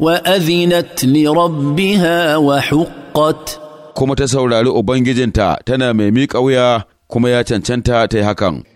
Wa adinat ni Rabiha wa xuƙat. Kuma ta saurari ubangijinta tana mai miƙa wuya kuma ya cancanta ta hakan.